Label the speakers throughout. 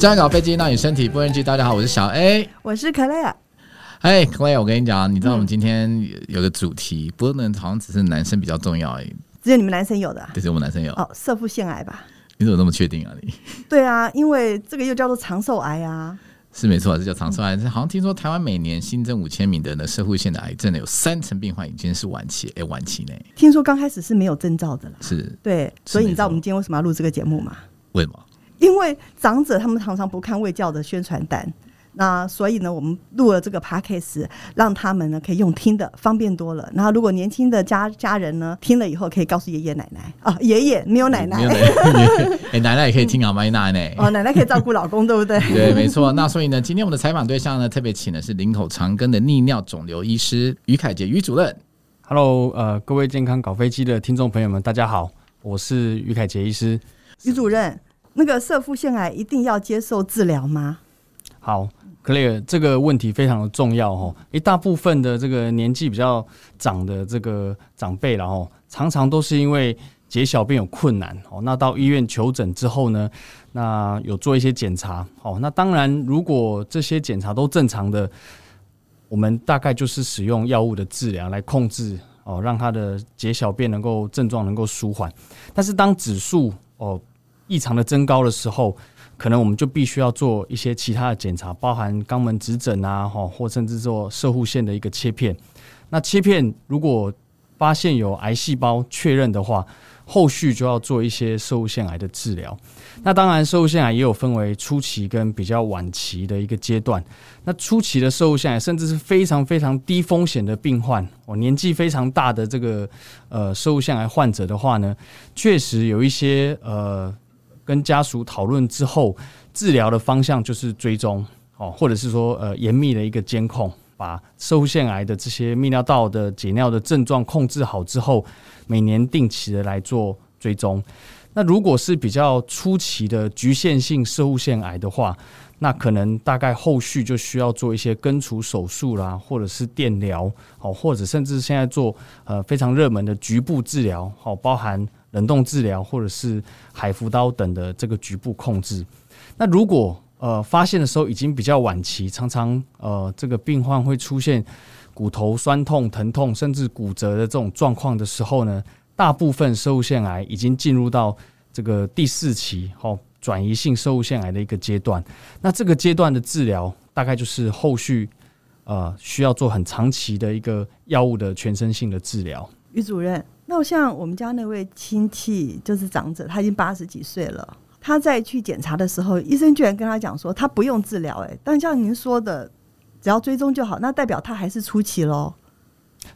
Speaker 1: 健康搞飛機，讓你身體不 NG。大家好，我是小 A，
Speaker 2: 我是 Claire。
Speaker 1: 哎 Claire，我跟你講，你知道我們今天有個主題，嗯、不能好像只是男生比較重要而、
Speaker 2: 欸、已，只有你們男生有的、啊
Speaker 1: 對，只有我們男生有。哦，
Speaker 2: 攝護腺癌吧？
Speaker 1: 你怎麼那麼確定啊？你
Speaker 2: 對啊，因為這個又叫做長壽癌啊。
Speaker 1: 是沒錯、啊，這叫長壽癌。這、嗯、好像聽說台灣每年新增五千名的攝護腺的癌症呢，有三成病患已經是晚期。哎、欸，晚期呢？
Speaker 2: 聽說剛開始是沒有徵兆的啦。是，對，所以你知道我們今天為什麼要錄這個節目嗎、啊？為什麼？因為長者他們常常不看衛教的宣傳單，那所以呢，我們錄了這個 podcast，讓他們呢可以用聽的方便多了。然後如果年輕的家家人呢聽了以後，可以告訴爺爺奶奶啊，爺、哦、爺沒有奶奶,、嗯有奶,
Speaker 1: 奶 欸，奶奶也可以聽、嗯、啊，麥奶,奶，呢、欸？
Speaker 2: 哦，奶奶可以照顧老公，對不對？對，沒
Speaker 1: 錯。那所以呢，今天我們的採訪對象呢，特別請的是林口長庚的泌尿腫瘤醫師虞凱傑虞主任。Hello，呃，各位健康搞飛機的聽眾朋友們，大家好，我是虞凱傑醫師，
Speaker 2: 虞主任。那個攝護腺癌一定要接受治療嗎？
Speaker 3: 好，Clare，這個問題非常的重要哦。一大部分的這個年紀比較長的這個長輩，然後常常都是因為解小便有困難哦。那到醫院求診之後呢，那有做一些檢查，哦，那當然，如果這些檢查都正常的，我們大概就是使用藥物的治療來控制哦，讓他的解小便能夠症狀能夠舒緩。但是當指數哦。異常的增高的時候，可能我們就必須要做一些其他的檢查，包含肛門指診啊，或甚至做攝護腺的一個切片。那切片如果發現有癌細胞確認的話，後續就要做一些攝護腺癌的治療。那當然，攝護腺癌也有分為初期跟比較晚期的一個階段。那初期的攝護腺癌，甚至是非常非常低風險的病患，我年紀非常大的這個呃攝護腺癌患者的話呢，確實有一些呃。跟家屬討論之後，治療的方向就是追蹤哦，或者是說呃嚴密的一個監控，把攝護腺癌的這些泌尿道的解尿的症狀控制好之後，每年定期的來做追蹤。那如果是比較初期的局限性攝護腺癌的話，那可能大概後續就需要做一些根除手術啦，或者是電療哦，或者甚至現在做呃非常熱門的局部治療哦，包含。冷凍治療，或者是海扶刀等的這個局部控制。那如果呃發現的時候已經比較晚期，常常呃這個病患會出現骨頭酸痛、疼痛甚至骨折的這種狀況的時候呢，大部分攝護腺癌已經進入到這個第四期，好轉移性攝護腺癌的一個階段。那這個階段的治療大概就是後續呃需要做很長期的一個藥物的全身性的治療。
Speaker 2: 虞主任。那像我們家那位親戚，就是長者，他已經八十幾歲了。他在去檢查的時候，醫生居然跟他講說，他不用治療，哎，但像您說的，只要追蹤就好，那代表他還是初期嘍。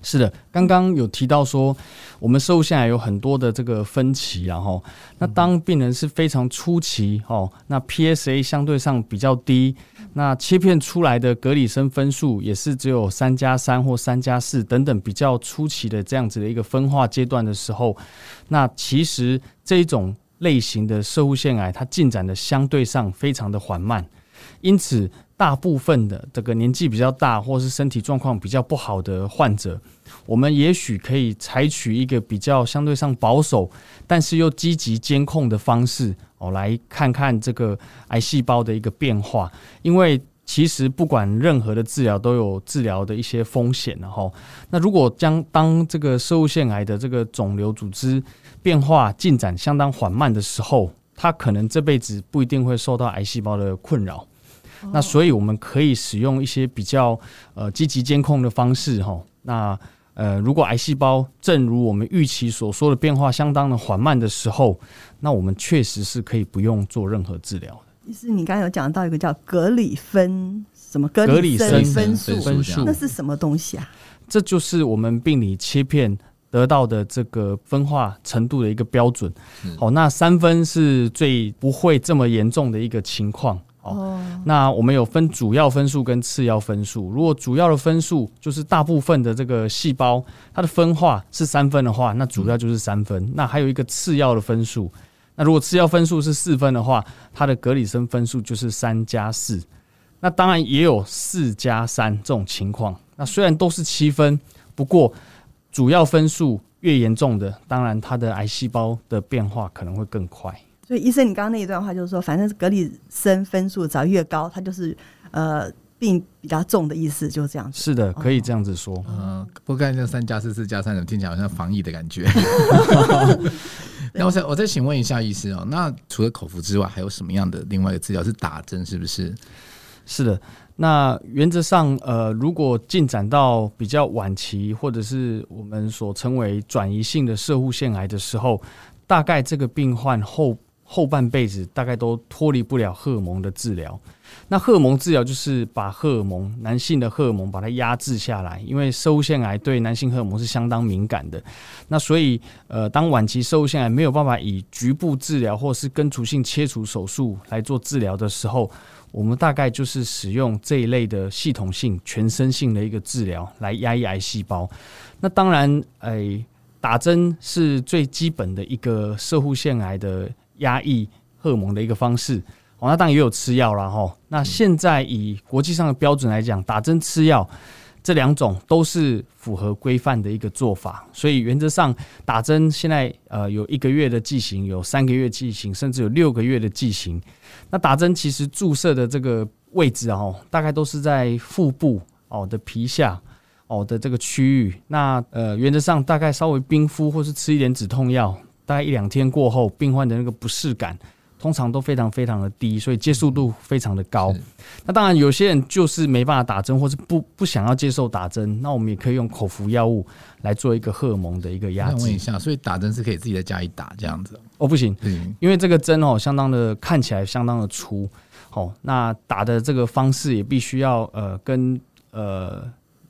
Speaker 3: 是的，剛剛有提到說，我們攝護腺癌有很多的這個分歧，啊，然後那當病人是非常初期哦，那 PSA 相對上比較低，那切片出來的格里森分數也是只有三加三或三加四等等比較初期的這樣子的一個分化階段的時候，那其實這一種類型的攝護腺癌它進展的相對上非常的緩慢。因此，大部分的這個年紀比較大，或是身體狀況比較不好的患者，我們也許可以採取一個比較相對上保守，但是又積極監控的方式，哦，來看看這個癌細胞的一個變化。因為其實不管任何的治療都有治療的一些風險，然後，那如果將當這個攝護腺癌的這個腫瘤組織變化進展相當緩慢的時候，它可能這輩子不一定會受到癌細胞的困擾。那所以我們可以使用一些比較呃積極監控的方式哈、喔。那呃，如果癌細胞正如我們預期所說的，變化相當的緩慢的時候，那我們確實是可以不用做任何治療
Speaker 2: 的。就是你剛剛有講到一個叫格里森什麼格里森分數，那是什麼東西啊？
Speaker 3: 這就是我們病理切片得到的這個分化程度的一個標準。好、嗯喔，那三分是最不會這麼嚴重的一個情況。哦，那我們有分主要分數跟次要分數。如果主要的分數就是大部分的這個細胞它的分化是三分的話，那主要就是三分，嗯。那還有一個次要的分數，那如果次要分數是四分的話，它的格里森分數就是三加四。那當然也有四加三這種情況。那雖然都是七分，不過主要分數越嚴重的，當然它的癌細胞的變化可能會更快。
Speaker 2: 所以，醫生，你剛剛那一段話就是說，反正是格里森分數，只要越高，它就是呃病比
Speaker 1: 較重的意思，就是這樣子。是的，可以這樣子說。嗯，嗯嗯嗯不過剛才那三加四四加三，怎麼聽起來好像防疫的感覺。 那我再我再請問一下，醫師哦，那除了口服之外，還有什麼樣的另外一個治療是打針？是不是？是的。那
Speaker 3: 原則上，呃，如果進展到比較晚期，或者是我們所稱為轉移性的攝護腺癌的時候，大概這個病患後。後半輩子大概都脫離不了荷爾蒙的治療。那荷爾蒙治療就是把荷爾蒙，男性的荷爾蒙把它壓制下來，因為攝護腺癌對男性荷爾蒙是相當敏感的。那所以，呃，當晚期攝護腺癌沒有辦法以局部治療或是根除性切除手術來做治療的時候，我們大概就是使用這一類的系統性、全身性的一個治療來壓抑癌細胞。那當然，誒，打針是最基本的一個攝護腺癌的。壓抑荷爾蒙的一個方式，哦、那當然也有吃藥了哈。那現在以國際上的標準來講，嗯，打針吃藥這兩種都是符合規範的一個做法。所以原則上，打針現在呃有一個月的劑型，有三個月劑型，甚至有六個月的劑型。那打針其實注射的這個位置哦，大概都是在腹部哦的皮下哦的這個區域。那呃，原則上大概稍微冰敷或是吃一點止痛藥。大概一兩天過後，病患的那個不適感通常都非常非常的低，所以接受度非常的高。嗯、那當然，有些人就是沒辦法打針，或是不不想要接受打針，那我們也可以用口服藥物來做一個荷爾蒙的一個壓制。問一下，所以打針是可以自己在家裡打這樣子哦？哦，不行，因為這個針哦相當的看起來相當的粗、哦，那打的這個方式也必須要呃跟呃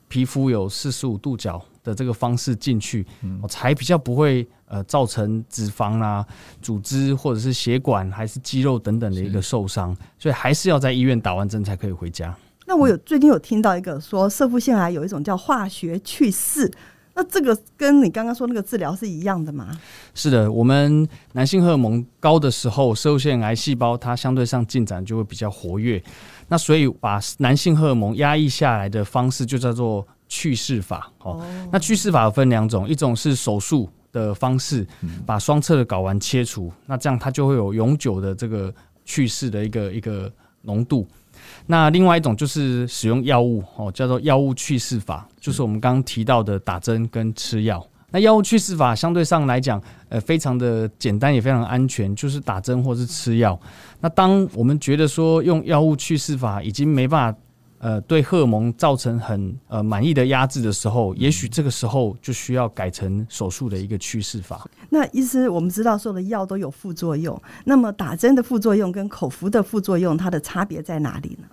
Speaker 3: 皮膚有四十五度角。的這個方式進去，我、嗯、才比較不會呃造成脂肪啦、啊、組織或者是血管還是肌肉等等的一個受傷，所以還是要在醫院打完針才可以回家。
Speaker 2: 那我有最近有聽到一個說，攝護腺癌有一種叫化學去勢，那這個跟你剛剛說那個治療是一樣的嗎？
Speaker 3: 是的，我們男性荷爾蒙高的時候，攝護腺癌細胞它相對上進展就會比較活躍，那所以把男性荷爾蒙壓抑下來的方式就叫做去勢法哦，那去勢法分兩種，一種是手術的方式，嗯、把雙側的睾丸切除，那這樣它就會有永久的這個去勢的一個一個濃度。那另外一種就是使用藥物哦，叫做藥物去勢法，嗯、就是我們剛剛提到的打針跟吃藥。那藥物去勢法相對上來講，呃，非常的簡單，也非常安全，就是打針或是吃藥，嗯。那當我們覺得說用藥物去勢法已經沒辦法。呃，對荷爾蒙造成很呃滿意的壓制的時候，嗯、也許這個時候就需要改成手術的一個去勢法。
Speaker 2: 那醫師，我們知道，所有的藥都有副作用，那麼打針的副作用跟口服的副作用，它的差別在哪裡呢？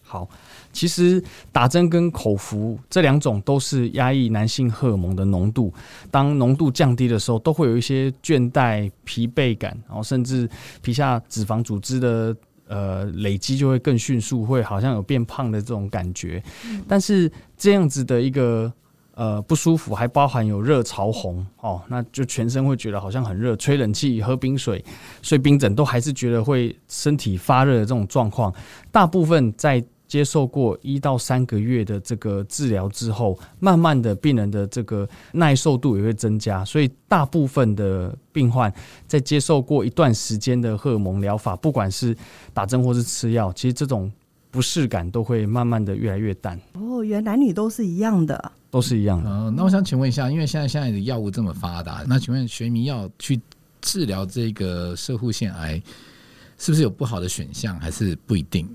Speaker 3: 好，其實打針跟口服這兩種都是壓抑男性荷爾蒙的濃度。當濃度降低的時候，都會有一些倦怠、疲憊感，然、哦、後甚至皮下脂肪組織的。呃，累積就會更迅速，會好像有變胖的這種感覺，但是這樣子的一個呃不舒服，還包含有熱潮紅哦，那就全身會覺得好像很熱，吹冷氣、喝冰水、睡冰枕都還是覺得會身體發熱的這種狀況，大部分在。接受過一到三個月的這個治療之後，慢慢的病人的這個耐受度也會增加，所以大部分的病患在接受過一段時間的荷爾蒙療法，不管是打針或是吃藥，其實這種不適感都會慢慢的越來越
Speaker 1: 淡。
Speaker 2: 哦，原來男女都是一樣的，
Speaker 1: 都是一樣的。嗯、呃，那我想請問一下，因為現在現在的藥物這麼發達，那請問學名藥去治療這個攝護腺癌，是不是有不好的選項，還是不一定？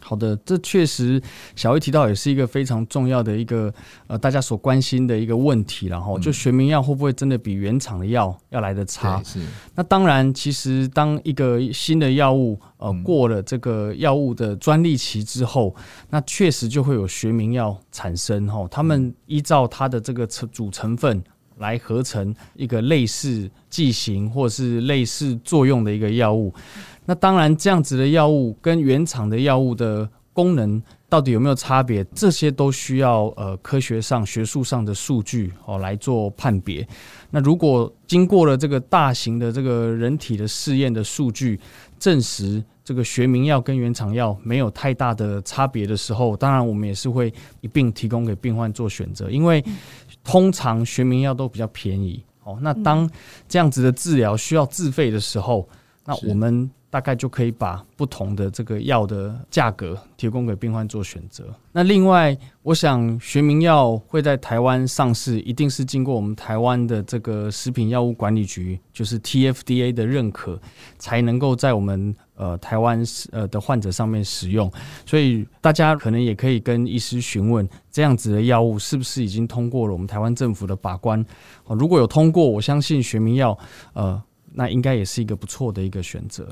Speaker 1: 好的，這確實小薇提到
Speaker 3: 也是一個非常重要的一個呃大家所關心的一個問題，然、嗯、後就學名藥會不會真的比原廠的藥要來的差？是。那當然，其實當一個新的藥物呃過了這個藥物的專利期之後，嗯、那確實就會有學名藥產生。哈，他們依照它的這個成主成分來合成一個類似劑型或者是類似作用的一個藥物。那當然，這樣子的藥物跟原廠的藥物的功能到底有沒有差別？這些都需要呃科學上、學術上的數據哦來做判別。那如果經過了這個大型的這個人體的試驗的數據，證實這個學名藥跟原廠藥沒有太大的差別的時候，當然我們也是會一併提供給病患做選擇，因為通常學名藥都比較便宜哦。那當這樣子的治療需要自費的時候，嗯、那我們。大概就可以把不同的這個藥的價格提供給病患做選擇。那另外，我想學名藥會在台灣上市，一定是經過我們台灣的這個食品藥物管理局，就是 TFDA 的認可，才能夠在我們呃台灣呃的患者上面使用。所以大家可能也可以跟醫師詢問，這樣子的藥物是不是已經通過了我們台灣政府的把關。如果有通過，我相信學名藥呃，那應該也是一個不錯的一個選擇。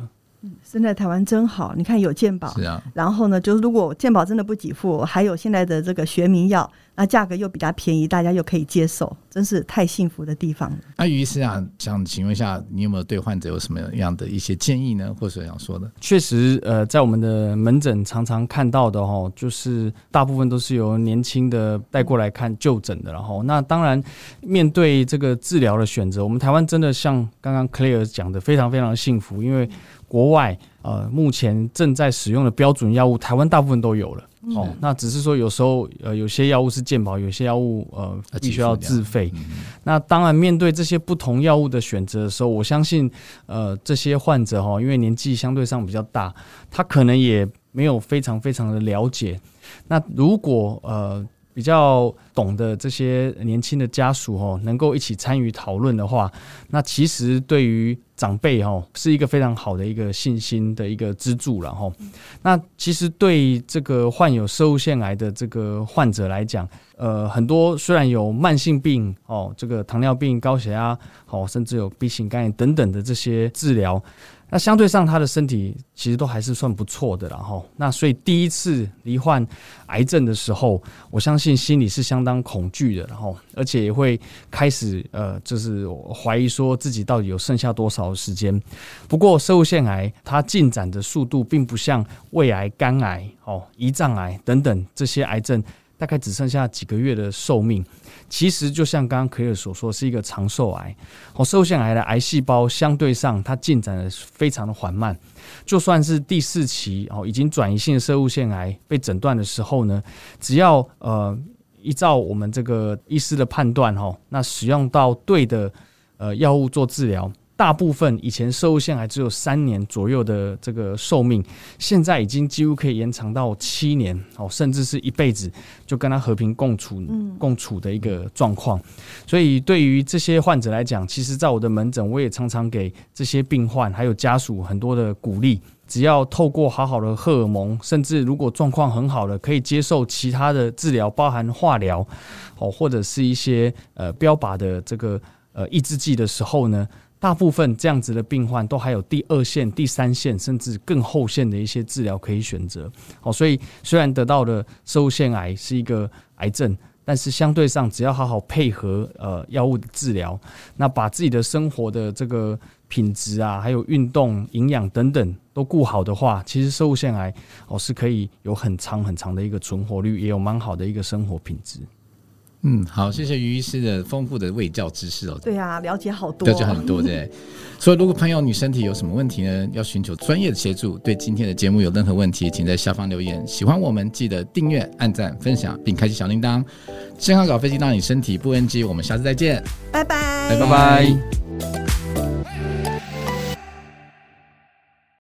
Speaker 2: 嗯、現在台灣真好，你看有健保，是啊，然後呢，就是如果健保真的不給付，還有現在的這個學名藥，那價格又比較便宜，大家又可以接受，真是太幸福的地
Speaker 1: 方了。那、啊、虞醫師啊，想請問一下，你有沒有對患者有什麼樣的一些建議呢，或者想說的？
Speaker 3: 確實，呃，在我們的門診常常看到的哦，就是大部分都是由年輕的帶過來看就診的，然後那當然面對這個治療的選擇，我們台灣真的像剛剛 Claire 講的，非常非常幸福，因為。國外呃目前正在使用的標準藥物，台灣大部分都有了哦、嗯。那只是說有時候呃有些藥物是健保，有些藥物呃必須要自費、嗯嗯。那當然面對這些不同藥物的選擇的時候，我相信呃這些患者哈，因為年紀相對上比較大，他可能也沒有非常非常的了解。那如果呃。比較懂得這些年輕的家屬哦，能夠一起參與討論的話，那其實對於長輩哦，是一個非常好的一個信心的一個支柱了哈。那其實對這個患有攝護腺癌的這個患者來講，呃，很多雖然有慢性病哦，這個糖尿病、高血壓，好甚至有 B 型肝炎等等的這些治療。那相對上，他的身體其實都還是算不錯的，然後，那所以第一次罹患癌症的時候，我相信心裡是相當恐懼的，然後，而且也會開始呃，就是懷疑說自己到底有剩下多少時間。不過，攝護腺癌它進展的速度並不像胃癌、肝癌、哦、胰臟癌等等這些癌症。大概只剩下幾個月的壽命，其實就像剛剛凱傑所說，是一個長壽癌。哦，攝護腺癌的癌細胞相對上它進展的非常的緩慢，就算是第四期哦，已經轉移性的攝護腺癌被診斷的時候呢，只要呃依照我們這個醫師的判斷哈，那使用到對的呃藥物做治療。大部分以前受限還只有三年左右的這個壽命，現在已經幾乎可以延長到七年哦，甚至是一輩子就跟他和平共處共處的一個狀況。所以對於這些患者來講，其實，在我的門診，我也常常給這些病患還有家屬很多的鼓勵。只要透過好好的荷爾蒙，甚至如果狀況很好的，可以接受其他的治療，包含化療哦，或者是一些呃標靶的這個呃抑制劑的時候呢。大部分這樣子的病患，都還有第二線、第三線，甚至更後線的一些治療可以選擇。好，所以雖然得到的攝護腺癌是一個癌症，但是相對上，只要好好配合呃藥物的治療，那把自己的生活的這個品質啊，還有運動、營養等等都顧好的話，其實攝護腺癌哦，是可以有很長很長的一個存活率，也有蠻
Speaker 1: 好的一個生活品質。嗯，好，謝謝虞醫師的豐富的衛教知識哦。對
Speaker 2: 啊，了解好多，了解很多對。
Speaker 1: 所以，如果朋友你身體有什麼問題呢，要尋求專業的協助。對今天的節目有任何問題，請在下方留言。喜歡我們，記得訂閱、按讚、分享，並開啟小鈴鐺。健康搞飛機，讓你身體不 NG。我們下次再見，拜拜，拜拜。